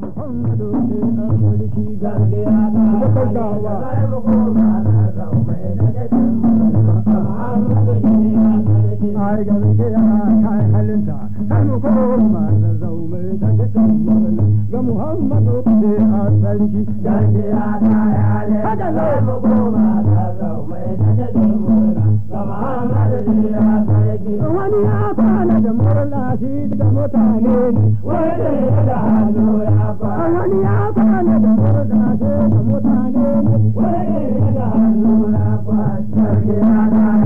da muhammadu ke amurki gardiya da gaggawa ai gardiya kai halinta kan koma na zaumai da kitan mulki ga muhammadu ke a sarki gardiya da ya le da mu koma da mutane da mutane da mutane wani ne hannu na kwatar gida na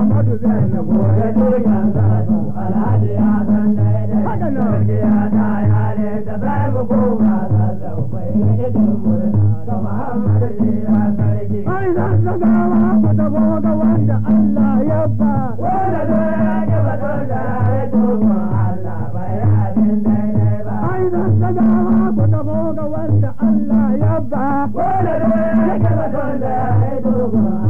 Muhammadu zai na gobe doyan zazu alhaji ya san daidai. Haka nan. Sarki ya ta yare da zai mu koma zazau bai na gidan murna ga Muhammadu shi ya sarki. Ai zan zaga wa ku da ga wanda Allah ya ba. Wanda zai ya ke ba don da ya tuba Allah ya abin daidai ba. Ai zan zaga wa ku da ga wanda Allah ya ba. Wanda zai ya ke ba don da ya tuba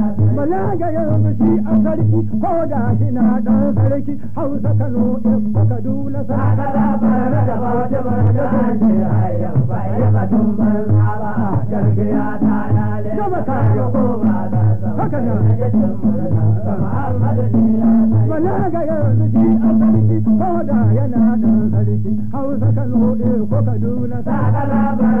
malaya yanzu shi a sarki ko da shi na dan sarki hausa kano ifo kaduna sa kada bara da bauchi bara da hanji hayyan bai ba tun banza ba gargiya ta lale gaba ka yo ko ba da sama haka ne ya tun murna sama malaga yanzu shi a sarki ko da yana dan sarki hausa kano ifo kaduna sa kada bara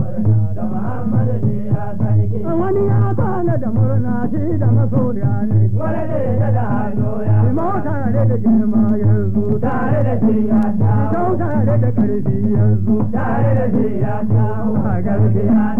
murna shi da masoya ne wani ne ya da hanyoya imau tare da girma yanzu tare da shi ya dawo tare da ƙarfi yanzu tare da shi ya dawo a garbi ya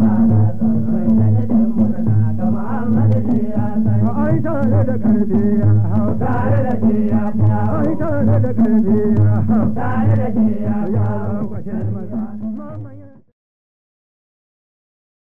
tare da karfi ya hau tare da shi ya hau tare da karfi ya hau tare da shi ya